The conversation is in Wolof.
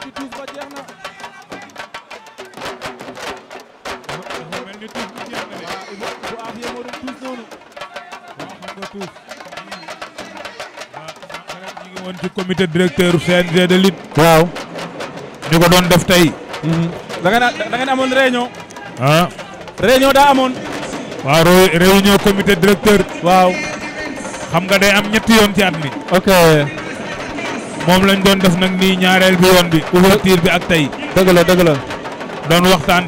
bi tuus ba jeex na. waaw xam ko doon def tey. da ngeen da ngeen amoon réunion. ah. réunion daa amoon. waaw réunion comité directeur. waaw. xam nga day am ñetti yoon ci at mi. ok. moom lañ doon def nag nii ñaareel bi yoon bi ouverture bi ak tey dëgg la dëgg la doon waxtaan